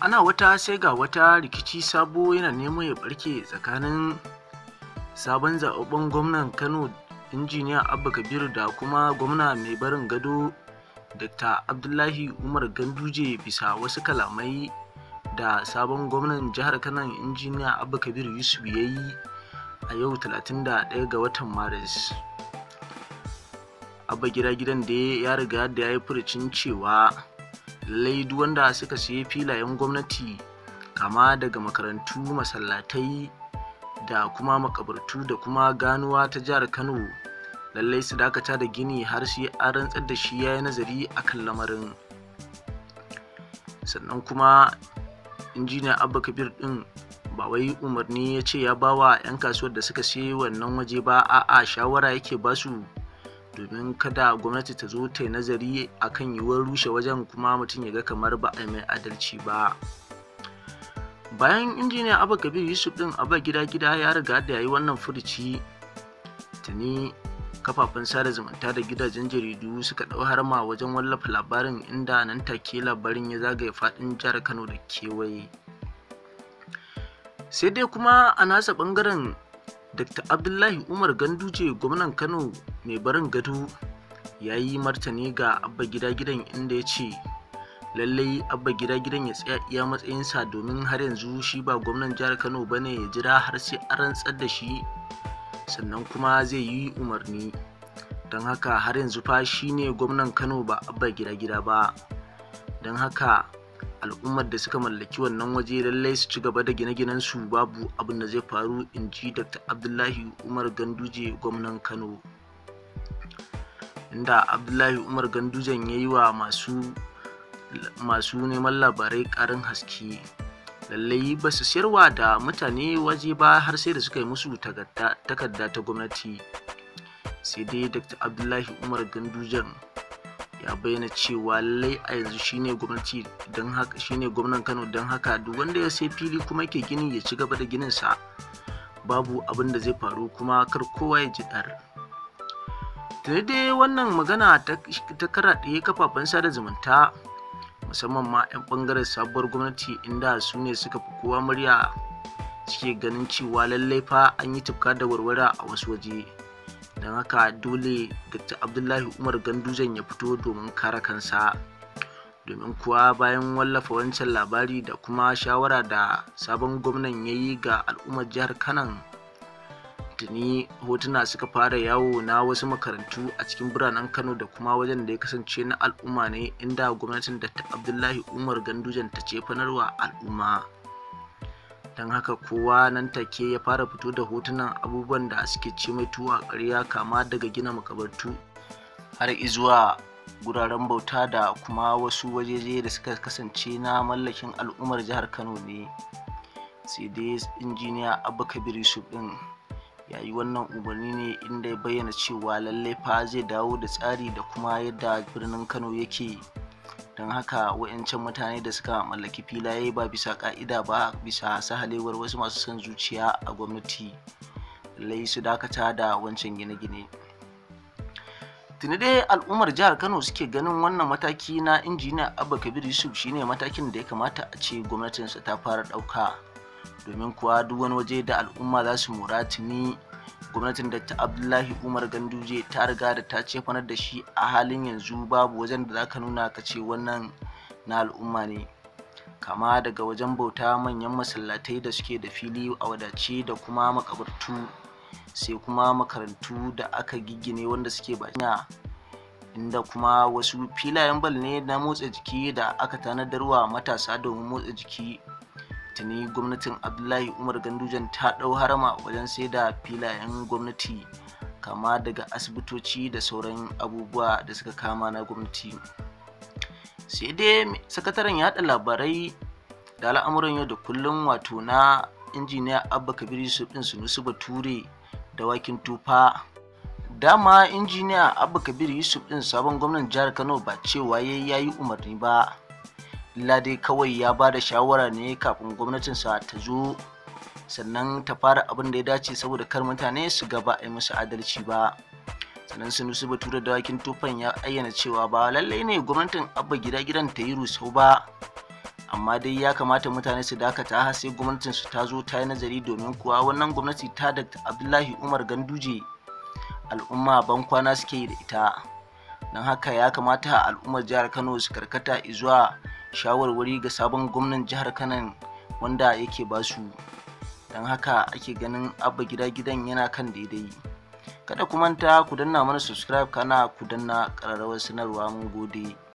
ana wata sai ga wata rikici sabo yana neman ya barke tsakanin sabon zaɓaɓɓen gwamnan kano injiniya abba kabiru da kuma gwamna mai barin gado dr abdullahi umar ganduje bisa wasu kalamai da sabon gwamnan jihar kano injiniya abba kabir yusuf ya yi a yau 31 ga watan maris abba gida gidan da ya riga da ya yi furucin cewa lallai duk wanda suka siye filayen gwamnati kama daga makarantu masallatai da kuma makabartu da kuma ganuwa ta jihar kano lallai su dakata da gini har sai an rantsar da shi ya yi nazari a kan lamarin sannan kuma injiniya abba kabir din ba wai umarni ya ce ya bawa 'yan kasuwar da suka siye wannan waje ba a'a shawara yake basu domin kada gwamnati ta zo ta yi nazari a kan yiwuwar rushe wajen kuma mutum ya ga kamar ba a mai adalci ba bayan injiniya abba kabir yusuf din abu gida gida ya riga da yayi wannan furuci tuni kafafen sada zumunta da gidajen jaridu suka ɗau harma wajen wallafa labarin inda nan take labarin ya zagaye faɗin jihar kano da kewaye sai dai kuma a nasa ɓangaren dr abdullahi umar ganduje gwamnan kano mai barin gado ya yi martani ga abba gida gidan inda ya ce lallai abba gida gidan ya tsaya iya matsayinsa domin har yanzu shi ba gwamnan jihar kano ba ne ya jira har sai an rantsar da shi sannan kuma zai yi umarni don haka har yanzu fa shi ne gwamnan kano ba abba gida gida ba don haka al'ummar da suka mallaki wannan waje lallai su ci gaba da gine-ginen su babu abin da zai faru in ji dr abdullahi umar ganduje gwamnan kano inda abdullahi umar gandujen ya yi wa masu neman labarai karin haske lallai ba su siyarwa da mutane waje ba har sai da suka yi musu takarda ta gwamnati sai dai dr abdullahi umar gandujan ya bayyana cewa lallai a yanzu shine gwamnati don haka shine gwamnan Kano don haka duk wanda ya sai fili kuma yake gini ya ci gaba da ginin sa babu abin da zai faru kuma kar kowa ya ji dar dai wannan magana ta karaɗe kafafen sada zumunta musamman ma 'yan ɓangaren sabuwar gwamnati inda su ne suka fi kowa murya suke ganin cewa lallai fa an yi tufka da warwara a wasu waje don haka dole dr abdullahi umar gandujan ya fito domin kare kansa domin kuwa bayan wallafa wancan labari da kuma shawara da sabon gwamnan ya yi ga al'ummar jihar kanan tuni hotuna suka fara yawo na wasu makarantu a cikin biranen kano da kuma wajen da ya kasance na al'umma ne inda gwamnatin da abdullahi umar gandujan ta ce fanarwa al'umma don haka kowa nan take ya fara fito da hotunan abubuwan da suke ce mai tuwa ƙarya kama daga gina makabartu har izuwa guraren bauta da kuma wasu wajeje da suka kasance na mallakin al'ummar jihar kano ne sai dai injiniya abu kabir yusuf din ya yi wannan umarni ne inda ya bayyana cewa lallai fa zai dawo da tsari da kuma yadda birnin kano yake don haka wa'yancan mutane da suka mallaki filaye ba bisa ka'ida ba bisa sahalewar wasu masu son zuciya a gwamnati lai su dakata da wancan gine-gine tuni dai al'ummar jihar kano suke ganin wannan mataki na injiniya abba kabir yusuf shine matakin da ya kamata a ce gwamnatinsa ta fara ɗauka domin kuwa duk wani waje da al'umma za su mura tuni gwamnatin ta abdullahi umar ganduje ta riga da ta ce da shi a halin yanzu babu wajen da zaka nuna ka ce wannan na al'umma ne kama daga wajen bauta manyan masallatai da suke da fili a wadace da kuma makabartu sai kuma makarantu da aka giggine wanda suke bakiya inda kuma wasu filayen bal ne na motsa jiki da aka tanadarwa matasa domin motsa jiki tuni gwamnatin abdullahi umar gandujan ta ɗau harama wajen sai da filayen gwamnati kama daga asibitoci da sauran abubuwa da suka kama na gwamnati sai dai sakataren yaɗa labarai da al'amuran yau da kullum wato na injiniya abba kabir yusuf din sunusu bature da wakin tufa dama injiniya abba kabir yusuf ɗin sabon gwamnan jihar kano ba cewa ya yi umarni ba illa dai kawai ya ba da shawara ne kafin gwamnatinsa ta zo sannan ta fara abin da ya dace saboda kar mutane su gaba a yi musu adalci ba sannan su batu da wakin tufan ya ayyana cewa ba lallai ne gwamnatin abba gida gidan ta yi rusau ba amma dai ya kamata mutane su dakata har sai gwamnatin su ta zo ta yi nazari domin kuwa wannan gwamnati ta da abdullahi umar ganduje al'umma ban kwana suke yi da ita don haka ya kamata al'ummar jihar kano su karkata zuwa shawarwari ga sabon gwamnan jihar kanan wanda yake basu don haka ake ganin abba gida gidan yana kan daidai kada ku manta ku danna mana subscribe kana ku danna ƙararrawar sanarwa mun gode